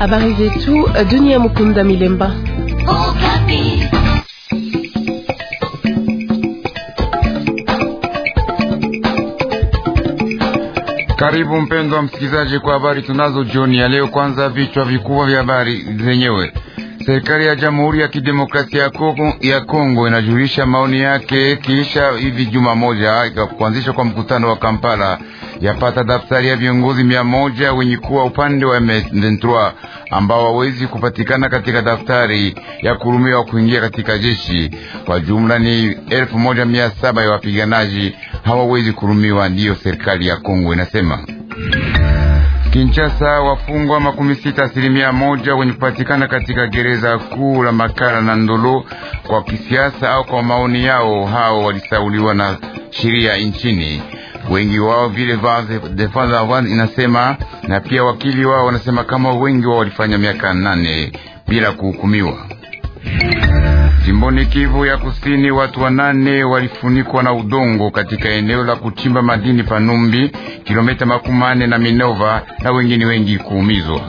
Habari zetu eh, Dunia Mukunda Milemba. Okapi. Karibu mpendwa msikilizaji kwa habari tunazo jioni ya leo. Kwanza vichwa vikubwa vya habari zenyewe. Serikali ya Jamhuri ya Kidemokrasia ya Kongo inajulisha maoni yake kisha hivi juma moja eh, kuanzishwa kwa mkutano wa Kampala yapata daftari ya viongozi mia moja wenye kuwa upande wa M23 ambao hawezi kupatikana katika daftari ya kurumiwa kuingia katika jeshi. Kwa jumla ni elfu moja mia saba ya wapiganaji hawawezi kurumiwa, ndiyo serikali ya Kongo inasema. Kinshasa, wafungwa makumi sita asilimia moja wenye kupatikana katika gereza kuu la Makala na Ndolo kwa kisiasa au kwa maoni yao, hao walisauliwa na sheria nchini wengi wao vile Defense One inasema, na pia wakili wao wanasema kama wengi wao walifanya miaka nane bila kuhukumiwa. Jimboni Kivu ya Kusini, watu wanane walifunikwa na udongo katika eneo la kuchimba madini Panumbi, kilomita makumi manne na Minova, na wengine wengi kuumizwa.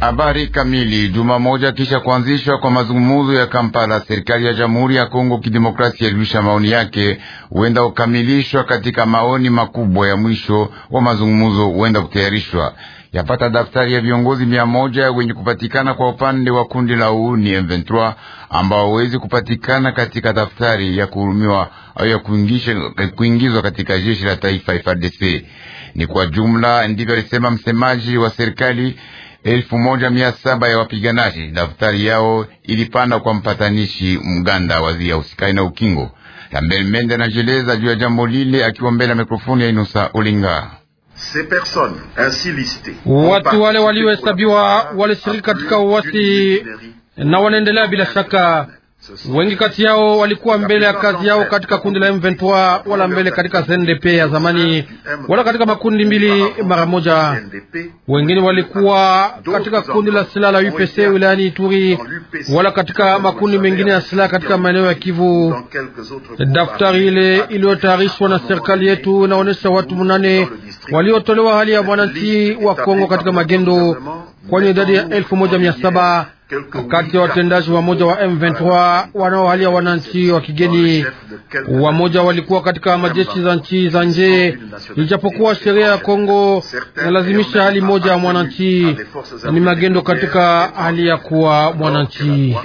Habari kamili. Juma moja kisha kuanzishwa kwa mazungumzo ya Kampala, serikali ya Jamhuri ya Kongo Kidemokrasia yalilisha maoni yake, huenda kukamilishwa katika maoni makubwa ya mwisho wa mazungumzo, huenda kutayarishwa yapata daftari ya viongozi mia moja wenye kupatikana kwa upande wa kundi la uuni M23 ambao hawezi kupatikana katika daftari ya kuhurumiwa au ya kuingizwa katika jeshi la taifa FARDC. Ni kwa jumla, ndivyo alisema msemaji wa serikali elfu moja mia saba ya wapiganaji. Daftari yao ilipanda kwa mpatanishi mganda waziri ya usikai na ukingo Lambert Mende anajieleza juu ya jambo lile akiwa mbele ya mikrofoni ya Inosa Ulinga. Watu wale waliohesabiwa walishiriki katika uwasi na wanaendelea bila shaka Wengi kati yao walikuwa mbele ya kazi yao katika kundi la M23 wala mbele katika CNDP ya zamani wala katika makundi mbili mara moja. Wengine walikuwa katika kundi la silaha la UPC wilayani Ituri wala katika makundi mengine ya silaha katika maeneo ya Kivu. Daftari ile iliyotayarishwa na serikali yetu inaonyesha watu mnane waliotolewa hali ya mwananchi wa Kongo katika magendo, kwani idadi ya elfu moja mia saba kati ya watendaji wamoja wa M23 wanaohalia wananchi wa kigeni. Wamoja walikuwa katika majeshi za nchi za nje, ijapokuwa sheria ya Kongo nalazimisha hali moja ya mwananchi, ni magendo katika hali ya kuwa mwananchi.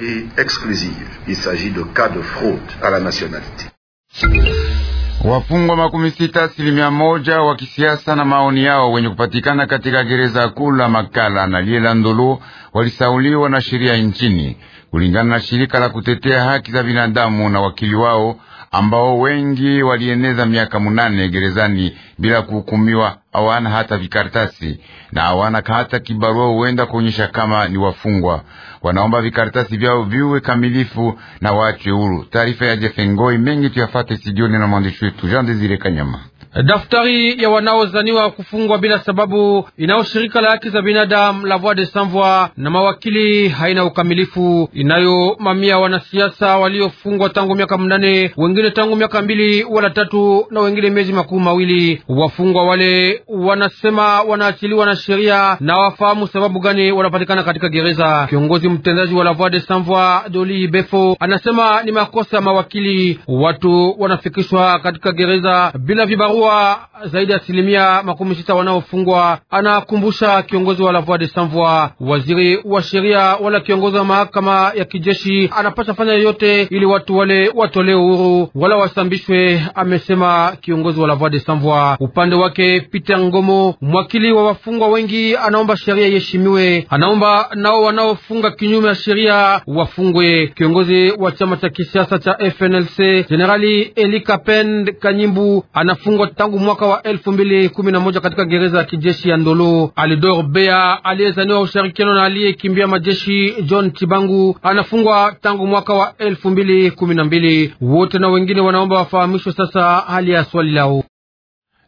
Wafungwa makumi sita asilimia moja wa kisiasa na maoni yao wenye kupatikana katika gereza kuu la Makala na Lielandulu walisauliwa na sheria nchini kulingana na shirika la kutetea haki za binadamu na wakili wao ambao wengi walieneza miaka munane gerezani bila kuhukumiwa. Hawana hata vikaratasi na hawana hata kibarua huenda kuonyesha kama ni wafungwa. Wanaomba vikaratasi vyao viwe kamilifu na waachwe huru. Taarifa ya Jefengoi mengi tuyafate sijioni na mwandishi wetu Jean Desire Kanyama. Daftari ya wanaozaniwa kufungwa bila sababu inayoshirika la haki za binadamu la Voix des Sans Voix na mawakili haina ukamilifu. Inayo mamia wanasiasa waliofungwa tangu miaka mnane, wengine tangu miaka mbili wala tatu, na wengine miezi makumi mawili. Wafungwa wale wanasema wanaachiliwa na sheria na wafahamu sababu gani wanapatikana katika gereza. Kiongozi mtendaji wa la Voix des Sans Voix Doli Befo anasema ni makosa ya mawakili, watu wanafikishwa katika gereza bila vibarua kuwa zaidi ya asilimia makumi sita wanaofungwa, anakumbusha kiongozi wa Lavoi de Sanvoi. Waziri wa sheria wala kiongozi wa mahakama ya kijeshi anapasha fanya yoyote ili watu wale watolewe uhuru wala wasambishwe, amesema kiongozi wa Lavoi de Sanvoi. Upande wake, Peter Ngomo, mwakili wa wafungwa wengi, anaomba sheria iheshimiwe, anaomba nao wanaofunga kinyume ya sheria wafungwe. Kiongozi wa chama cha kisiasa cha FNLC Generali Elikapend Kanyimbu anafungwa tangu mwaka wa elfu mbili kumi na moja katika gereza ya kijeshi ya Ndolo. Alidor Bea aliyezaniwa ushirikiano na aliyekimbia majeshi John Chibangu anafungwa tangu mwaka wa elfu mbili kumi na mbili. Wote na wengine wanaomba wafahamishwe sasa hali ya swali lao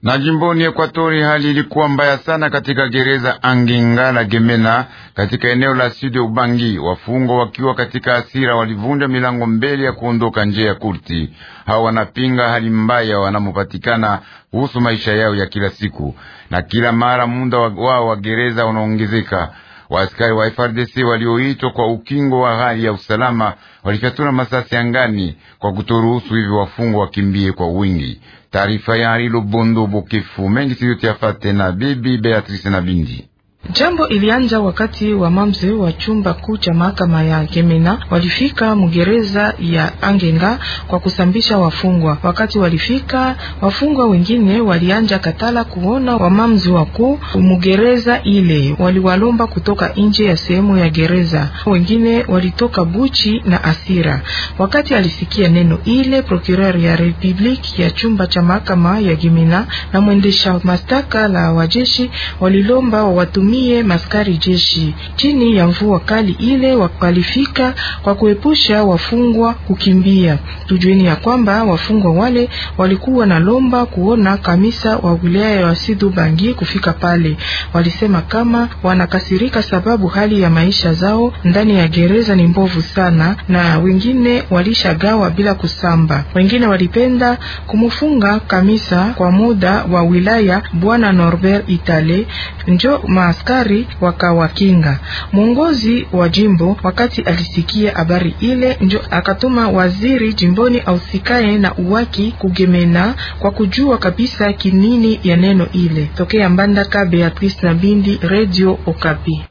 na jimboni Ekwatori hali ilikuwa mbaya sana katika gereza anginga la Gemena katika eneo la Sud Ubangi. Wafungwa wakiwa katika asira walivunja milango mbele ya kuondoka nje ya kurti. Hawa wanapinga hali mbaya wanamopatikana kuhusu maisha yao ya kila siku, na kila mara muda wao wa gereza unaongezeka askari wa FRDC walioitwa kwa ukingo wa hali ya usalama walifyatula masasi angani kwa kutoruhusu hivi wafungwa wakimbie kwa wingi. Taarifa ya Harilobondo Bokefu mengi siyote yafate na Bibi Beatrice na Bindi. Jambo ilianza wakati wa mamze wa chumba kuu cha mahakama ya Gemena walifika mgereza ya Angenga kwa kusambisha wafungwa. Wakati walifika, wafungwa wengine walianja katala kuona wa wamamzi wakuu mgereza ile, waliwalomba kutoka nje ya sehemu ya gereza, wengine walitoka buchi na asira. Wakati alisikia neno ile, procureur ya republiki ya chumba cha mahakama ya Gemena na mwendesha mashtaka la wajeshi walilomba watumii watumie maskari jeshi chini ya mvua kali ile wakalifika kwa kuepusha wafungwa kukimbia. Tujueni ya kwamba wafungwa wale walikuwa na lomba kuona kamisa wa wilaya ya Sidu Bangi kufika pale. Walisema kama wanakasirika sababu hali ya maisha zao ndani ya gereza ni mbovu sana, na wengine walishagawa bila kusamba. Wengine walipenda kumufunga kamisa kwa muda wa wilaya Bwana Norbert Itale njo mas askari wakawakinga. Mwongozi wa jimbo wakati alisikia habari ile, njo akatuma waziri jimboni ausikae na uwaki kugemena kwa kujua kabisa kinini ya neno ile. Tokea Mbandaka, Beatrice Bindi, Radio Okapi.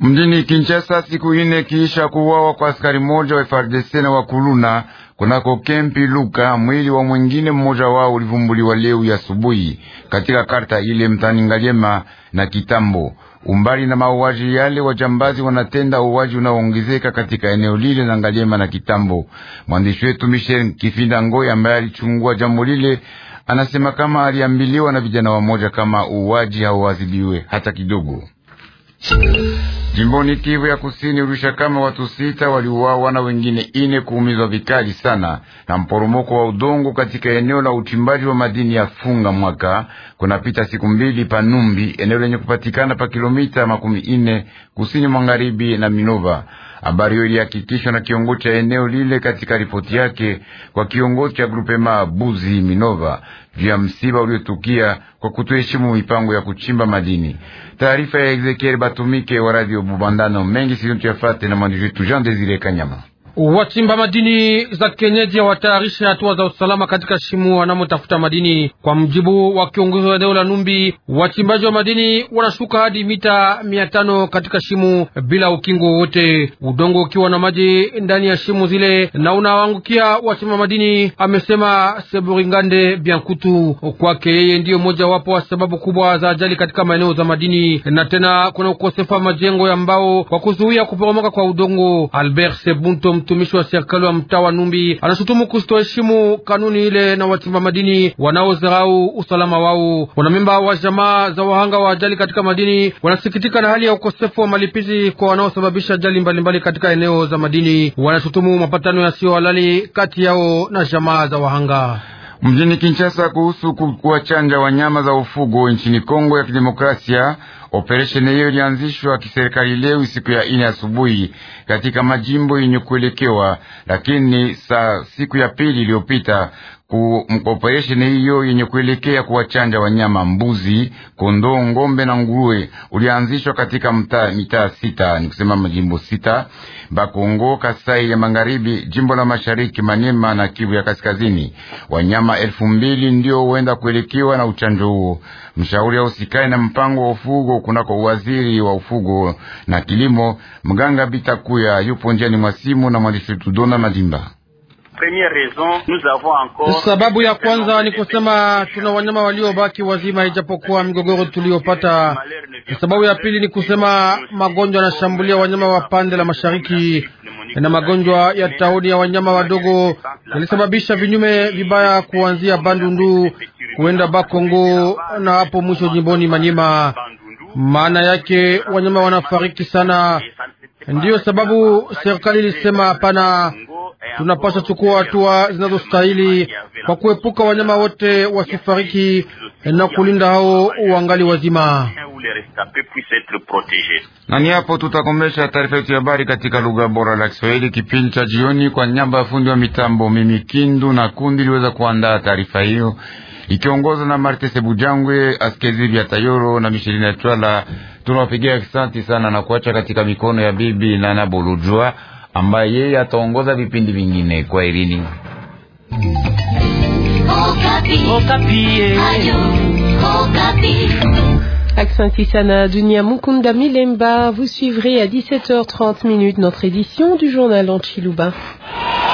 Mjini Kinshasa, siku ine kiisha kuwawa kwa askari mmoja wa FARDC na wakuluna kunako kempi Luka, mwili wa mwingine mmoja wao ulivumbuliwa leo ya asubuhi katika karta ile mtani Ngaliema na Kitambo. Umbali na mauaji yale, wajambazi wanatenda uwaji unaoongezeka katika eneo lile na Ngaliema na Kitambo. Mwandishi wetu Michel Kifinda Ngoi ambaye alichungua jambo lile anasema kama aliambiliwa na vijana wamoja kama uwaji hauadhibiwe hata kidogo. Jimboni Kivu ya Kusini, ulisha kama watu sita waliuawa na wengine ine kuumizwa vikali sana na mporomoko wa udongo katika eneo la uchimbaji wa madini ya funga mwaka kunapita siku mbili Panumbi, eneo lenye kupatikana pa kilomita makumi ine kusini magharibi na Minova. Habari hiyo ilihakikishwa na kiongozi cha eneo lile katika ripoti yake kwa kiongozi cha grupema Buzi Minova juu ya msiba uliotukia kwa kutoheshimu mipango ya kuchimba madini. Taarifa ya Ezekiel Batumike wa Radio Bubandano mengi siyo tuyafate na mwandishi wetu Jean Desire Kanyama. Wachimba madini za kienyeji watayarisha hatua za usalama katika shimo wanamotafuta madini. Kwa mjibu wa kiongozi wa eneo la Numbi, wachimbaji wa madini wanashuka hadi mita mia tano katika shimo bila ukingo wowote, udongo ukiwa na maji ndani ya shimo zile na unawaangukia wachimba madini, amesema seburingande Biankutu. Kwake yeye ndiyo moja wapo wa sababu kubwa za ajali katika maeneo za madini, na tena kuna ukosefu wa majengo ya mbao kwa kuzuia kuporomoka kwa udongo. Albert Sebunto mtumishi wa serikali wa mtaa wa Numbi anashutumu kustoheshimu kanuni ile na wachimba madini wanaozarau usalama wao. Wanamemba wa jamaa za wahanga wa ajali katika madini wanasikitika na hali ya ukosefu wa malipizi kwa wanaosababisha ajali mbalimbali katika eneo za madini. Wanashutumu mapatano yasiyo halali kati yao na jamaa za wahanga mjini Kinshasa kuhusu kuwachanja wanyama za ufugo nchini Kongo ya Kidemokrasia. Operesheni hiyo ilianzishwa kiserikali leo siku ya ine asubuhi katika majimbo yenye kuelekewa, lakini saa siku ya pili iliyopita kuoperesheni hiyo yenye kuelekea kuwachanja wanyama mbuzi, kondoo, ngombe na nguruwe ulianzishwa katika mitaa sita, ni kusema majimbo sita: Bakongo, Kasai ya Magharibi, jimbo la Mashariki, manema na Kivu ya Kaskazini. Wanyama elfu mbili ndio huenda kuelekewa na uchanjo huo. Mshauri usikai na mpango wa ufugo kunako waziri wa ufugo na kilimo, mganga Bitakuya, yupo njiani mwa simu na mwandishi wetu Dona Madimba. Sababu ya kwanza ni kusema tuna wanyama waliobaki wazima, ijapokuwa migogoro tuliyopata. Sababu ya pili ni kusema magonjwa yanashambulia wanyama wa pande la mashariki na magonjwa ya tauni ya wanyama wadogo yalisababisha vinyume vibaya kuanzia Bandundu kuenda Bakongo na hapo mwisho jimboni Manyema. Maana yake wanyama wanafariki sana, ndiyo sababu serikali ilisema hapana tunapasha chukua hatua zinazostahili kwa kuepuka wanyama wote wasifariki na kulinda hao wangali wazima. Na ni hapo tutakomesha taarifa yetu ya habari katika lugha bora la Kiswahili kipindi cha jioni, kwa nyamba ya fundi wa mitambo mimi Kindu na kundi liweza kuandaa taarifa hiyo ikiongozwa na Marte Sebujangwe, Askezi vya Tayoro na ya Twala. Tunawapigia asante sana na kuacha katika mikono ya bibi Nana Bolujwa. ambaye yeye ataongoza vipindi vingine kwa irini sana Dunia Mukunda Milemba, vous suivrez à 17h30 minutes notre édition du journal en